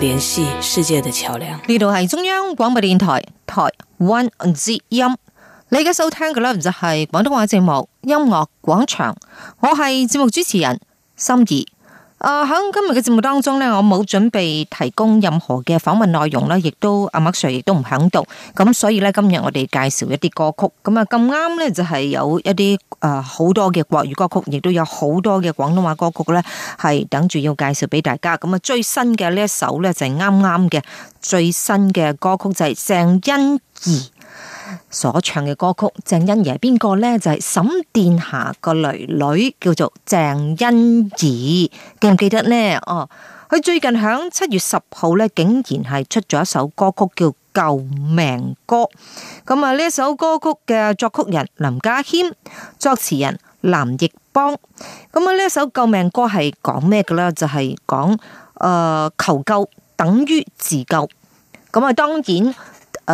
聯繫世界的橋樑。呢度係中央廣播電台台灣之音，你而家收聽嘅呢，就係廣東話節目《音樂廣場》，我係節目主持人心怡。啊，喺、呃、今日嘅節目當中咧，我冇準備提供任何嘅訪問內容啦，亦都阿麥 Sir 亦都唔響度，咁所以咧今日我哋介紹一啲歌曲，咁啊咁啱咧就係、是、有一啲誒好多嘅國語歌曲，亦都有好多嘅廣東話歌曲咧係等住要介紹俾大家，咁啊最新嘅呢一首咧就係啱啱嘅最新嘅歌曲就係鄭欣宜。所唱嘅歌曲，鄭欣宜係邊個呢？就係、是、沈殿霞個女女叫做鄭欣宜，記唔記得呢？哦，佢最近響七月十號呢，竟然係出咗一首歌曲叫《救命歌》。咁、嗯、啊，呢首歌曲嘅作曲人林家謙，作詞人藍奕邦。咁、嗯、啊，呢首《救命歌》係講咩嘅呢？就係、是、講、呃、求救等於自救。咁、嗯、啊，當然。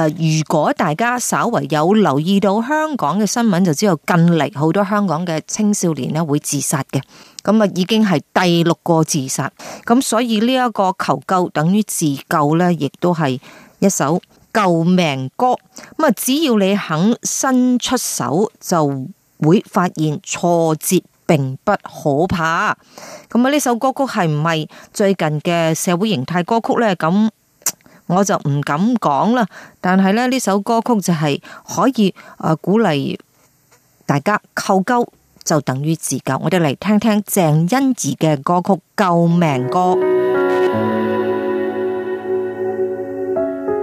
如果大家稍為有留意到香港嘅新聞，就知道近嚟好多香港嘅青少年呢會自殺嘅，咁啊已經係第六個自殺，咁所以呢一個求救等於自救呢，亦都係一首救命歌。咁啊，只要你肯伸出手，就會發現挫折並不可怕。咁啊，呢首歌曲係唔係最近嘅社會形態歌曲呢？咁。我就唔敢講啦，但係咧呢首歌曲就係可以誒、呃、鼓勵大家求救，就等於自救。我哋嚟聽聽鄭欣宜嘅歌曲《救命歌》。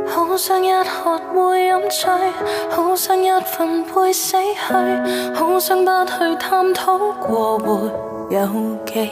嗯、好想一喝會飲醉，好想一瞓會死去，好想不去探討過活有幾。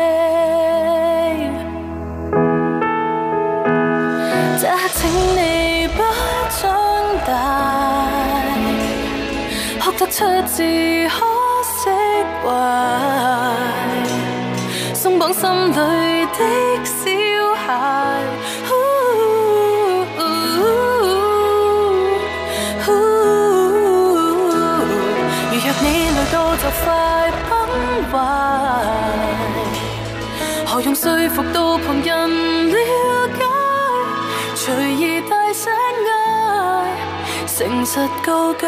出自可釋懷，鬆綁心裏的小孩。如若你累到就快崩壞，何用說服到旁人了解？隨意大聲嗌，誠實告解。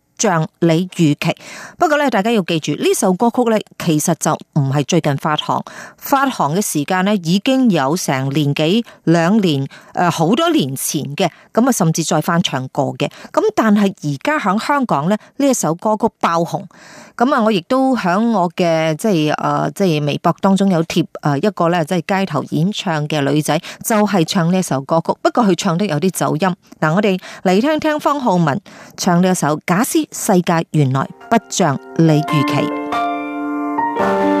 像你預期，不過咧，大家要記住呢首歌曲咧，其實就唔係最近發行，發行嘅時間咧已經有成年幾兩年，誒、呃、好多年前嘅，咁、嗯、啊甚至再翻唱過嘅。咁、嗯、但係而家喺香港呢，呢一首歌曲爆紅。咁、嗯、啊，我亦都喺我嘅即係誒即係微博當中有貼誒一個咧，即係街頭演唱嘅女仔，就係、是、唱呢一首歌曲。不過佢唱得有啲走音。嗱，我哋嚟聽聽方浩文唱呢一首《假使》。世界原來不像你預期。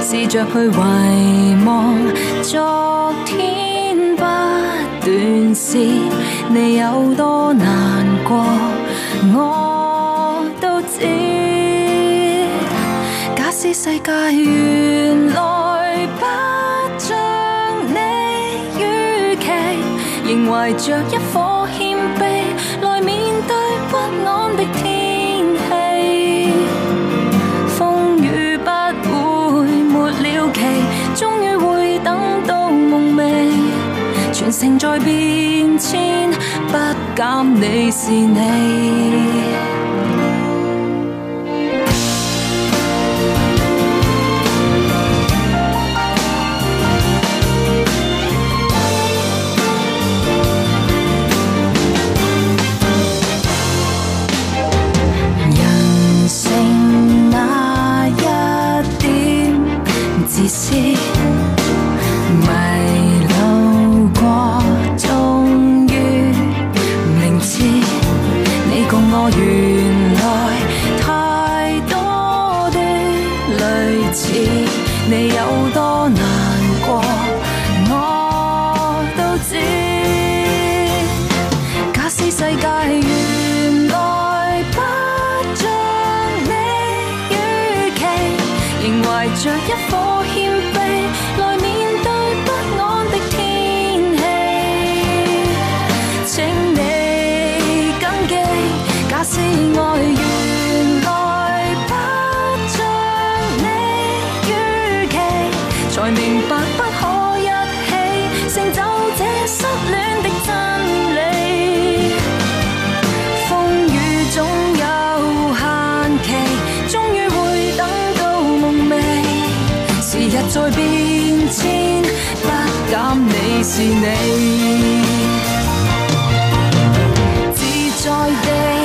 試着去遺忘昨天，不斷試。你有多難過，我都知。假使世界原來不像你預期，仍懷着一顆謙卑來面對不安的天。情在變遷，不敢你是你。懷着一顆謙。是你，自在地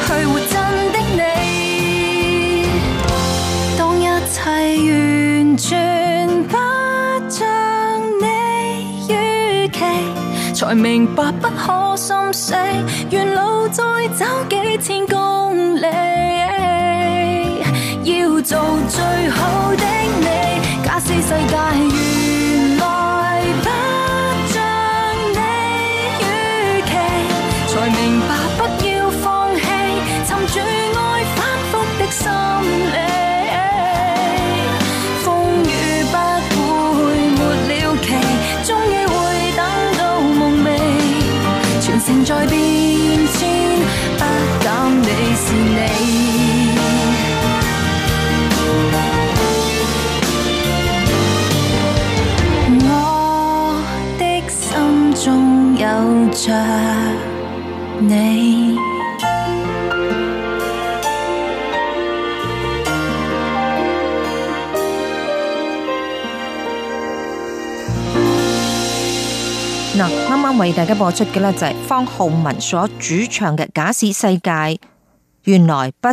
去活真的你。當一切完全不像你預期，才明白不可心死。沿路再走幾千公里，要做最好的你。假使世界如嗱，啱啱你為大家播出嘅呢，就係方皓玟所主唱嘅《假使世界原來不》。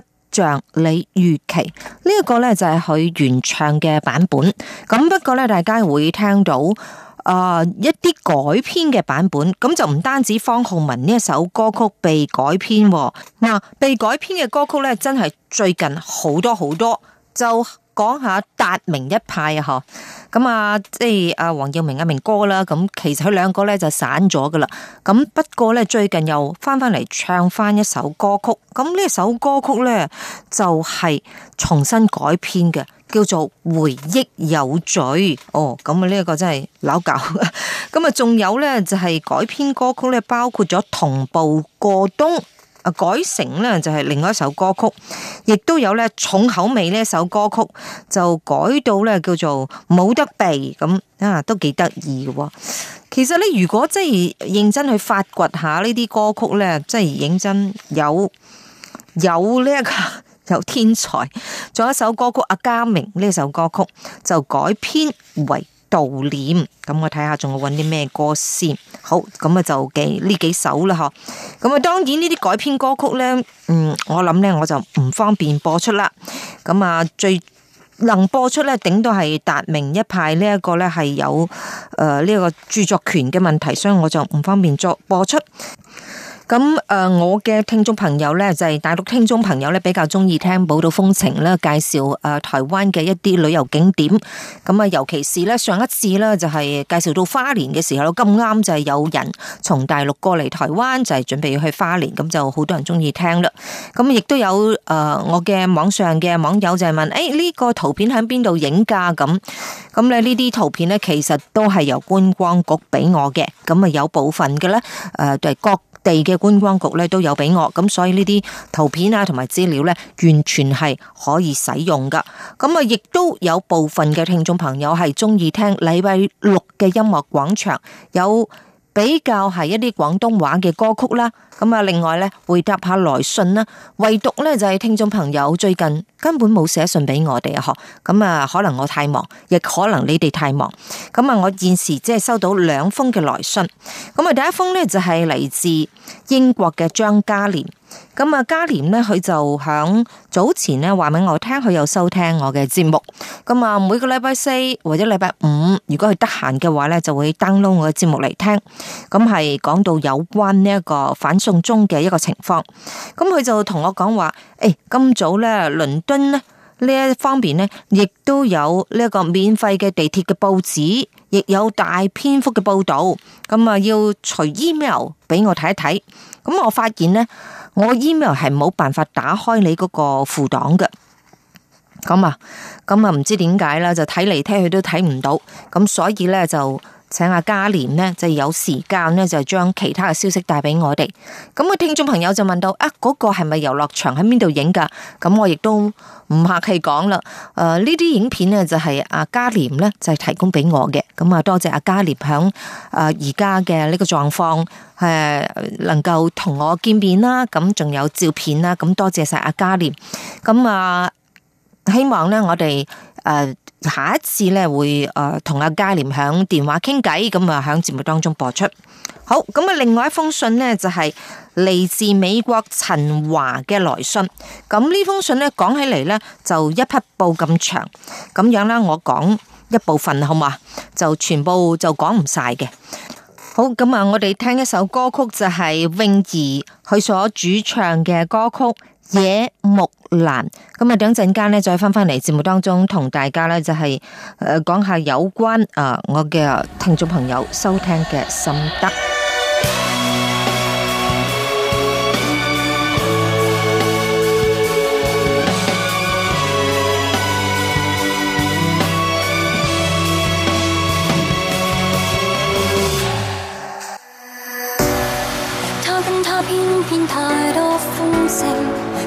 你預期呢一個咧，就係佢原唱嘅版本。咁不過咧，大家會聽到誒、呃、一啲改編嘅版本，咁就唔單止方浩文呢一首歌曲被改編，嗱、呃、被改編嘅歌曲咧真係最近好多好多就。講下達明一派啊，嗬，咁啊，即係阿黃耀明、阿明哥啦，咁其實佢兩個咧就散咗噶啦，咁不過咧最近又翻翻嚟，唱翻一首歌曲，咁呢首歌曲咧就係重新改編嘅，叫做回憶有罪。哦，咁啊呢個真係扭搞，咁啊，仲有咧就係改編歌曲咧，包括咗同步過冬。啊，改成咧就係另外一首歌曲，亦都有咧重口味呢一首歌曲，就改到咧叫做冇得避，咁啊，都幾得意嘅。其實咧，如果真係認真去發掘一下呢啲歌曲咧，真係認真有有呢、這、一個 有天才。仲有一首歌曲，阿嘉明呢首歌曲就改編為。悼念，咁我睇下仲會揾啲咩歌先，好，咁啊就幾呢幾首啦嗬，咁啊當然呢啲改編歌曲呢，嗯，我諗呢我就唔方便播出啦，咁啊最能播出呢，頂到係達明一派呢一個呢係有誒呢、呃這個著作權嘅問題，所以我就唔方便作播出。咁誒，我嘅聽眾朋友呢，就係、是、大陸聽眾朋友呢，比較中意聽寶島風情啦，介紹誒台灣嘅一啲旅遊景點。咁啊，尤其是呢，上一次呢，就係介紹到花蓮嘅時候，咁啱就係有人從大陸過嚟台灣，就係、是、準備去花蓮，咁就好多人中意聽啦。咁亦都有誒，我嘅網上嘅網友就係問：誒、哎、呢、這個圖片喺邊度影㗎？咁咁呢啲圖片呢，其實都係由觀光局俾我嘅。咁啊，有部分嘅呢就係各。地嘅觀光局咧都有俾我，咁所以呢啲圖片啊同埋資料咧完全係可以使用噶，咁啊亦都有部分嘅聽眾朋友係中意聽禮拜六嘅音樂廣場有。比較係一啲廣東話嘅歌曲啦，咁啊，另外咧，回答下來信啦，唯獨咧就係聽眾朋友最近根本冇寫信俾我哋啊，嗬，咁啊，可能我太忙，亦可能你哋太忙，咁啊，我現時只係收到兩封嘅來信，咁啊，第一封咧就係嚟自英國嘅張嘉廉。咁啊，嘉廉咧，佢就響早前咧話俾我聽，佢有收聽我嘅節目。咁啊，每個禮拜四或者禮拜五，如果佢得閒嘅話咧，就會 download 我嘅節目嚟聽。咁係講到有關呢一個反送中嘅一個情況。咁佢就同我講話，誒、欸，今早咧，倫敦咧呢一方面咧，亦都有呢一個免費嘅地鐵嘅報紙。亦有大篇幅嘅報道，咁啊要隨 email 俾我睇一睇，咁我發現咧，我 email 係冇辦法打開你嗰個附檔嘅，咁啊，咁啊唔知點解啦，就睇嚟睇去都睇唔到，咁所以咧就。請阿嘉蓮咧就有時間咧就將其他嘅消息帶俾我哋。咁我聽眾朋友就問到啊，嗰、那個係咪遊樂場喺邊度影噶？咁我亦都唔客氣講啦。誒、呃，呢啲影片咧就係阿嘉蓮咧就係提供俾我嘅。咁啊，多謝阿嘉蓮響誒而家嘅呢個狀況誒，能夠同我見面啦。咁仲有照片啦。咁多謝晒阿嘉蓮。咁啊。希望咧，我哋誒下一次咧會誒同阿嘉廉響電話傾偈，咁啊響節目當中播出。好，咁啊另外一封信咧就係嚟自美國陳華嘅來信。咁呢封信咧講起嚟咧就一匹布咁長，咁樣啦，我講一部分好嘛？就全部就講唔晒嘅。好，咁啊我哋聽一首歌曲就係泳兒佢所主唱嘅歌曲。野木蘭，咁啊等陣間呢，再翻翻嚟節目當中同大家呢，就係誒講下有關啊我嘅聽眾朋友收聽嘅心得。他跟他偏偏太多風聲。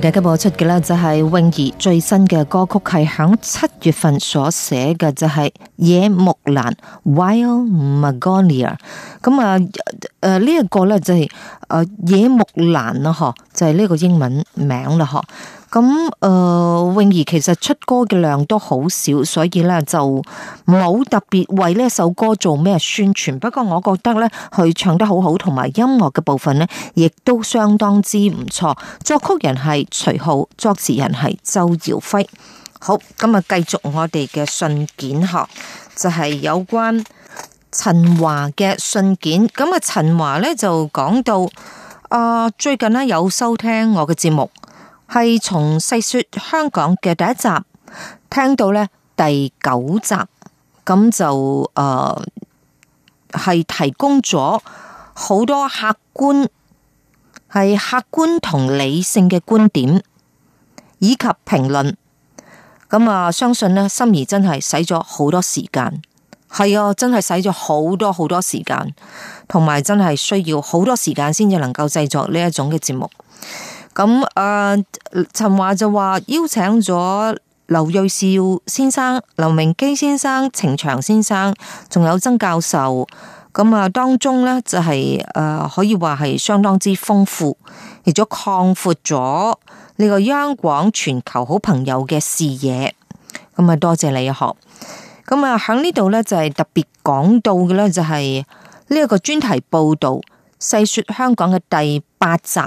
大家播出嘅咧就係泳兒最新嘅歌曲，係響七月份所寫嘅就係、是《野木蘭》（Wild Magnolia）。咁啊，誒呢一個咧就係、是、誒、呃、野木蘭啦，嗬，就係、是、呢個英文名啦，嗬。咁誒，泳、呃、兒其實出歌嘅量都好少，所以咧就冇特別為呢首歌做咩宣傳。不過我覺得咧，佢唱得好好，同埋音樂嘅部分咧，亦都相當之唔錯。作曲人係徐浩，作詞人係周耀輝。好，咁啊，繼續我哋嘅信件學就係、是、有關陳華嘅信件。咁啊，陳華咧就講到啊、呃，最近呢，有收聽我嘅節目。係從細說香港嘅第一集聽到咧第九集，咁就誒係、呃、提供咗好多客觀係客觀同理性嘅觀點以及評論。咁啊，相信呢心儀真係使咗好多時間，係啊，真係使咗好多好多時間，同埋真係需要好多時間先至能夠製作呢一種嘅節目。咁啊，陳華就話邀請咗劉瑞兆先生、劉明基先生、程翔先生，仲有曾教授。咁啊，當中咧就係、是、誒、呃，可以話係相當之豐富，亦都擴闊咗呢個央廣全球好朋友嘅視野。咁啊，多謝你一學。咁啊，喺呢度咧就係特別講到嘅咧，就係呢一個專題報道細說香港嘅第八集。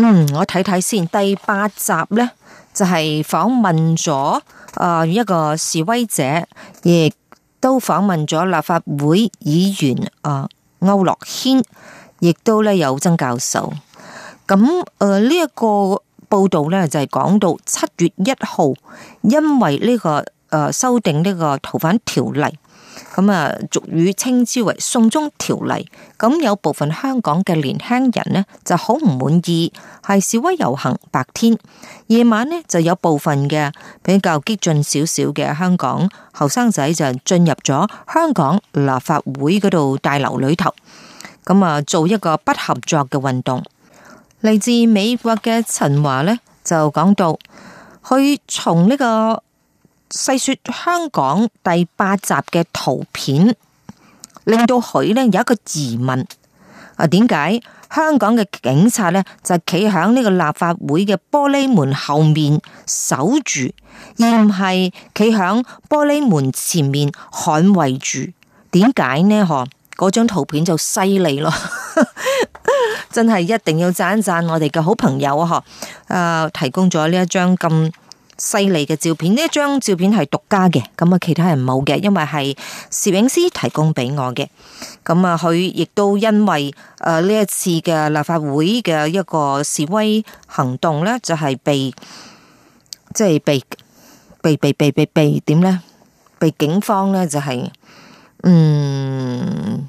嗯，我睇睇先。第八集呢，就係訪問咗誒一個示威者，亦都訪問咗立法會議員啊區諾軒，亦都咧有曾教授。咁誒呢一個報道呢，就係講到七月一號，因為呢個誒修訂呢個逃犯條例。咁啊，俗語稱之為送中條例。咁有部分香港嘅年輕人呢，就好唔滿意，係示威遊行白天，夜晚呢就有部分嘅比較激進少少嘅香港後生仔就進入咗香港立法會嗰度大樓裏頭，咁啊做一個不合作嘅運動。嚟自美國嘅陳華呢，就講到，佢從呢個。細說香港第八集嘅圖片，令到佢咧有一個疑問啊。點解香港嘅警察咧就企喺呢個立法會嘅玻璃門後面守住，而唔係企喺玻璃門前面捍衛住，點解呢？嗬，嗰張圖片就犀利咯！真係一定要讚讚我哋嘅好朋友啊！嗬，誒，提供咗呢一張咁，犀利嘅照片，呢一張照片係獨家嘅，咁啊其他人冇嘅，因為係攝影師提供俾我嘅。咁啊，佢亦都因為誒呢一次嘅立法會嘅一個示威行動呢，就係、是、被即係被被被被被被點呢？被警方呢、就是，就係嗯。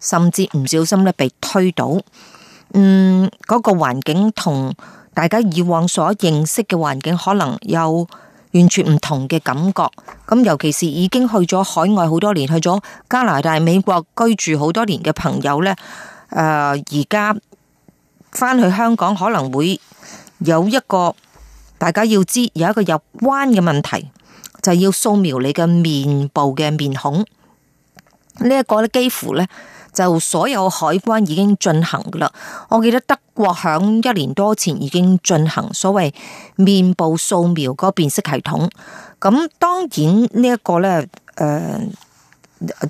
甚至唔小心咧被推倒，嗯，嗰個環境同大家以往所認識嘅環境可能有完全唔同嘅感覺。咁尤其是已經去咗海外好多年，去咗加拿大、美國居住好多年嘅朋友呢，誒、呃，而家翻去香港可能會有一個大家要知道有一個入關嘅問題，就是、要掃描你嘅面部嘅面孔。呢、這、一個咧，幾乎呢。就所有海關已經進行噶啦，我記得德國響一年多前已經進行所謂面部掃描嗰個辨識系統，咁當然呢一個咧，誒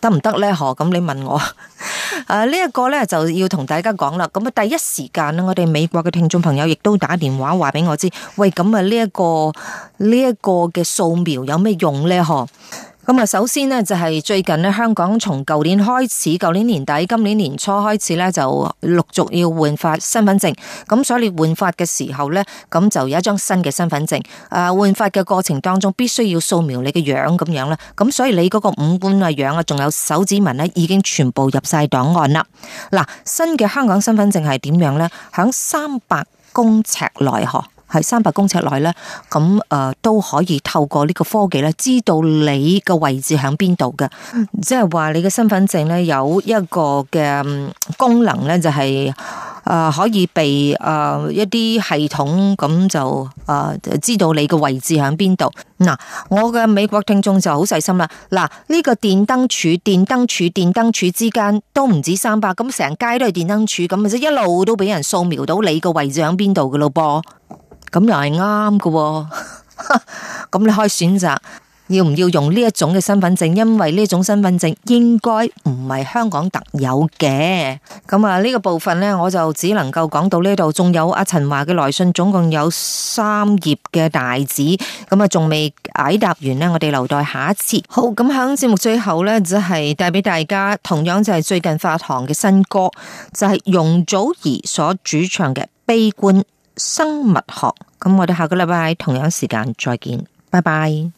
得唔得咧？嗬，咁你問我，誒呢一個咧就要同大家講啦。咁啊第一時間啦，我哋美國嘅聽眾朋友亦都打電話話俾我知，喂，咁啊呢一個呢一個嘅掃描有咩用咧？嗬？咁啊，首先呢，就係最近咧，香港從舊年開始，舊年年底、今年年初開始咧就陸續要換發身份證。咁所以換發嘅時候咧，咁就有一張新嘅身份證。啊，換發嘅過程當中必須要掃描你嘅樣咁樣啦。咁所以你嗰個五官啊樣啊，仲有手指紋咧，已經全部入晒檔案啦。嗱，新嘅香港身份證係點樣咧？響三百公尺內河。係三百公尺內咧，咁誒、呃、都可以透過呢個科技咧，知道你嘅位置喺邊度嘅。即係話你嘅身份證咧有一個嘅功能咧、就係，就係誒可以被誒、呃、一啲系統咁就誒、呃、知道你嘅位置喺邊度。嗱，我嘅美國聽眾就好細心啦。嗱，呢、呢個電燈柱、電燈柱、電燈柱之間都唔止三百，咁成街都係電燈柱，咁咪即一路都俾人掃描到你嘅位置喺邊度嘅咯噃？咁又係啱嘅，咁、哦、 你可以選擇要唔要用呢一種嘅身份證，因為呢種身份證應該唔係香港特有嘅。咁啊，呢個部分呢，我就只能夠講到呢度。仲有阿陳華嘅來信，總共有三頁嘅大紙，咁啊，仲未解答完呢，我哋留待下一次。好，咁喺節目最後呢，就係帶俾大家，同樣就係最近發行嘅新歌，就係、是、容祖兒所主唱嘅《悲觀》。生物學，咁我哋下個禮拜同樣時間再見，拜拜。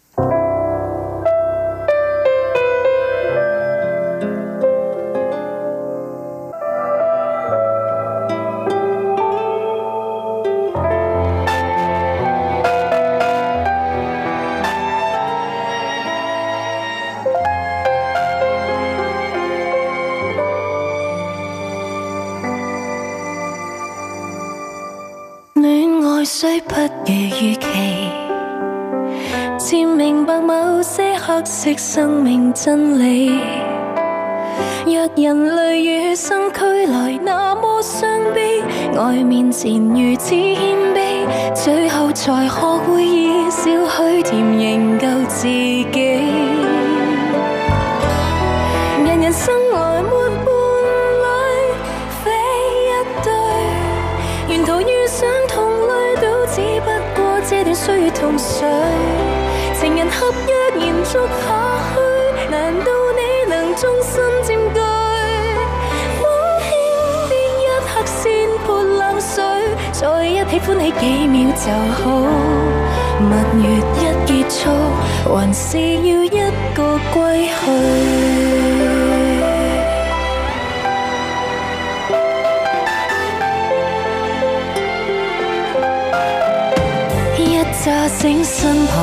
雖不如預期，漸明白某些黑色生命真理。若人類與生俱來那麼傷悲，愛面前如此謙卑，最後才學會以少許甜，營救自己。情人合約延續下去，難道你能終身佔據？我輕點一刻，先潑冷水，在一起歡喜幾秒就好。蜜月一結束，還是要一個歸去。旁沒人，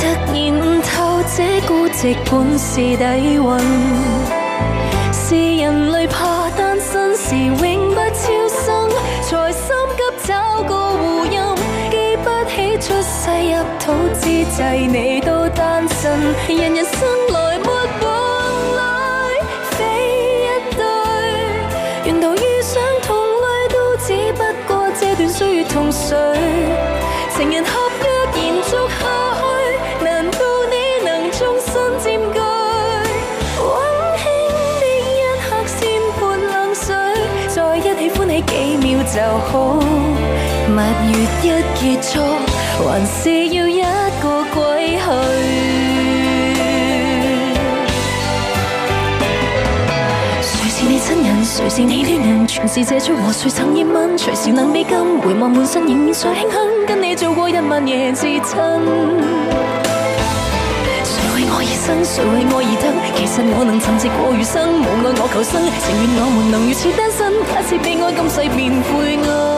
突然悟透這孤寂本是底蘊，是人類怕單身時永不超生，才心急找個護蔭。記不起出世入土之際你都單身，人人就好，蜜月一結束，還是要一個歸去。誰 是你親人，誰是你戀人，全是借出和誰曾熱吻，隨時能被禁，回望滿身仍然想輕哼，跟你做過一晚夜至親。誰為我而生，誰為我而等？其實我能沉寂過餘生，無愛我求生，情願我們能如此單身。假使悲哀今世便灰暗，啊。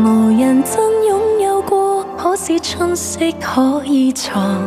無人真擁有過，可是春色可以藏。